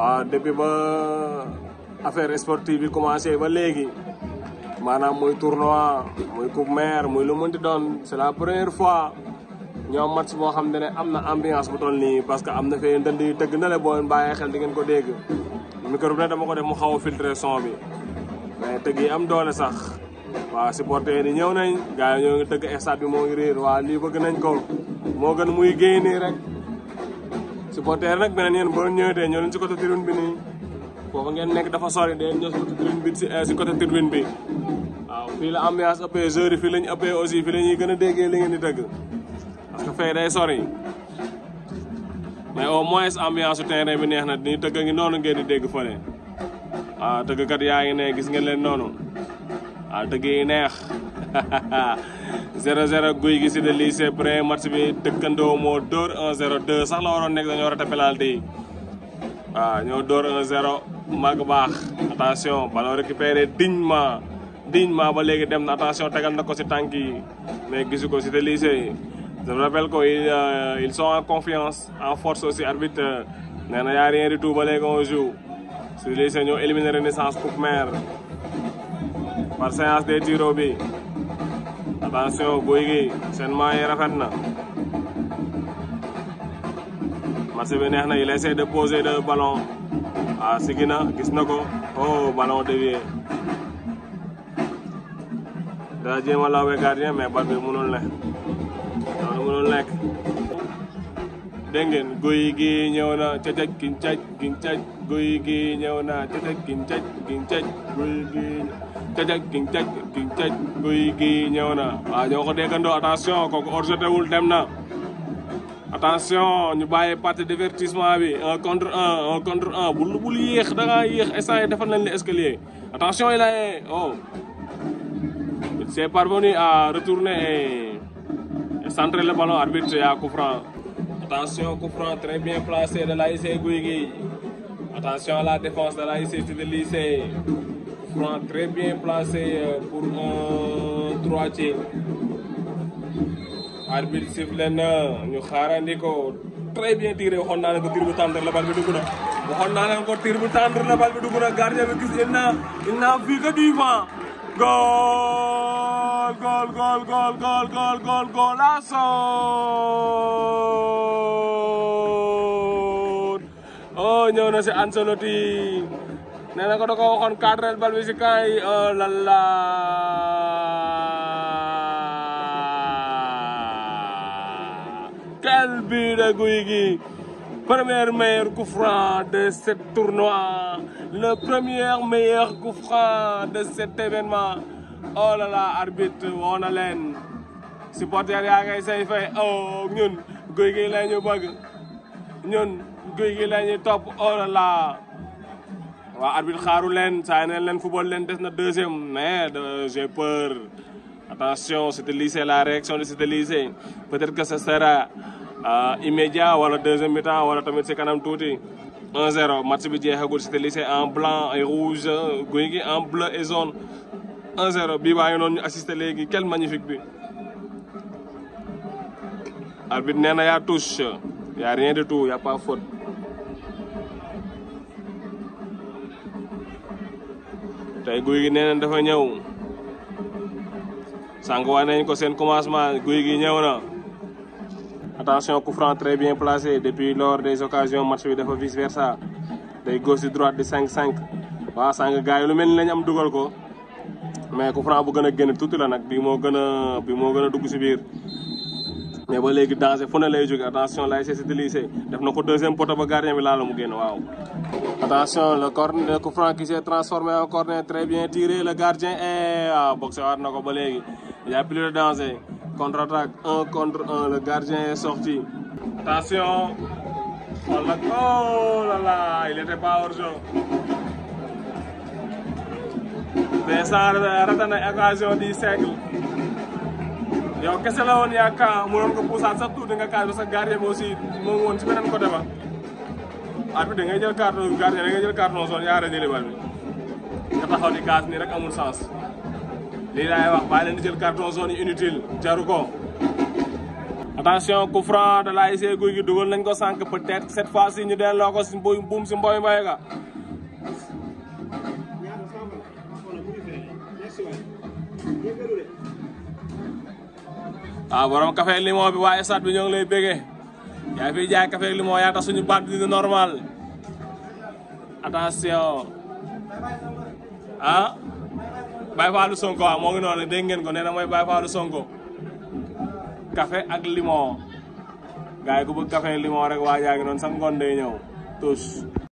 waaw depuis ba affaire sportive bi commencé ba léegi maanaam muy tournoi muy coupe maire muy lu mënti doon c'est la première fois ñoom match boo xam ne am na ambiance bu toll nii parce que am na fee ndënd yu tëgg na le boo bàyyee xel di ngeen ko dégg micro bi dama ko def mu xaw a son bi mais tëgg yi am doole sax waaw supporter yi ñëw nañ gars ñoo ngi tëgg stade bi moo ngi réer waa lii bëgg nañ ko moo gën muy génn rek supporter nag benen yéen bo ñëwee tey ñoo leen ci côté tribune bi nii nga ngeen nek dafa sori dé ñoo si eh, tribune bi ci ci côté tribune bi waaw ah, fi la ambiance uppé joueurs fi lañu uppé aussi fi lañuy gëna déggé li ngeen di dëgg parce que fay day sori nah, mais au moins ambiance terrain bi neex na ni dëgg ngi nonu ngeen di dégg fële ah dëgg kat yaangi né gis ngeen leen nonu ah dëgg yi neex 0 0 guy gi si de lycée pré match bi dëkkandoo mo dóor 1 0 2 sax la waroon nekk dañoo rate penalty wa waaw ñoo dóor 1 0 mag bax attention ballon récupéré dignement dignement ba légui dem na attention tegal nako ci tanki mais gisu ko si de lycée je me rappelle ko ils sont en confiance en force aussi arbitre néna ya rien du tout ba légui on joue ci de lycée ñoo éliminer Renaissance Coupe Mère par séance des tirs au but attention Gouye Gui seen yi rafet na match bi neex na il essaie de poser le ballon ah sigi gis na ko oh ballon dévié daa jéem a lawee gardien mais bal bi mënul nekk noonu mënul nekk dégg ngeen Gouye ñëw na cacaj gincaj gincaj Gouye Gui ñëw na cacaj gincaj gincaj Gouye Gui cajak ting caj ting caj guy gi ñëw na waaw ñoo ko déggandoo attention kooku hors jeu wul dem na attention ñu bàyyi partie divertissement bi un contre en un contre un bul bul yéex da ngaa yéex instant yi defal nañ la escalier attention il a oh c'est parvenu à retourner et centrer le ballon arbitre yaa coup franc attention coup franc bien placé de l'ASC Gouy Gui attention à la défense de l'ASC Sidy Licey franc très bien placé pour un droitier arbitre sifflé na ñu xaarandi ko très bien tiré waxoon naa leen ko tir bu tendre la balle bi dugg na waxoon naa ko tir bu tendre la balle bi dugg gardien bi il n'a du vent goal goal goal goal goal goal goal golasso oh ñëw na si Ancelotti nee na ko da ko bal bi oh lala, la quel but de Gouy premier meilleur coup franc de ce tournoi le premier meilleur coup franc de cet événement oh là là arbitre on na leen supporter yaa ngay say fay oh ñun Gouy Gui la ñu bëgg ñun Gouy oh là là arbitre xaaru leen saa neen football len des na deuxième mais j'ai peur attention c'est lycée la réaction de cette lycée peut-être que ce sera euh, immédiat ou wala deuxième mi-temps wala tamit si kanam 1-0 match bi c'était le lycée en blanc et rouge guy en bleu et jaune 1-0 bii a ngi noonu assisté quel magnifique but. arbitre Nenaya touche, il touche y a rien de tout il n'y a pas faute tey guy gi nee na dafa ñëw sànq waa nañ ko seen commencement guy gi ñëw na. attention coup franc très bien placé depuis lors des occasions match bi dafa vice versa day gos di droite di cinq cinq waaw sànq gars yi lu mel ni lañ am dugal ko mais coup franc bu gën a génn tuuti la nag bi moo gën a bi moo gën a dugg si biir. mais ba léegi danger fu ne lay jóge attention lay cessé de lycée def na ko deuxième poteau ba gardien bi laala mu génn waaw attention le corner coup franc qui s'est transformé en corner très bien tiré le gardien et waaw boxé ba léegi il y plus de danger contre attaque un contre un le gardien est sorti attention wala oh, oh là il était pas hors jeu mais ça rate na occasion du siècle yow kese la woon yaa ka mu doon ko puusaat sax tuuti nga kaas ba sa gardien bi aussi moom woon si beneen côté ba at ah, bi da ngay jël carton gardien da ngay jël carton zone yaa rajëli bal bi nga taxaw di kaas nii rek amul sens lii laay wax bàyyi leen di jël carton zone yi inutile jaru ko attention coup franc de l'ASC Gouy Gui dugal nañ ko sànq peut-être cette fois ci ñu delloo ko si mboy buum si mboy mboy ga waaw borom café ak limon bi waa stade bi ñoo ngi lay béggee yaa fi jaay café ak limon yaa tax suñu baat bi di normal attention ah Baye Fallou Sonko waaw moo ngi noonu dégg ko nee na mooy Baye Fallou Sonko café ak limon gars yi ku bëgg café ak limon rek waa jaa ngi noonu sa ngoon day ñëw tous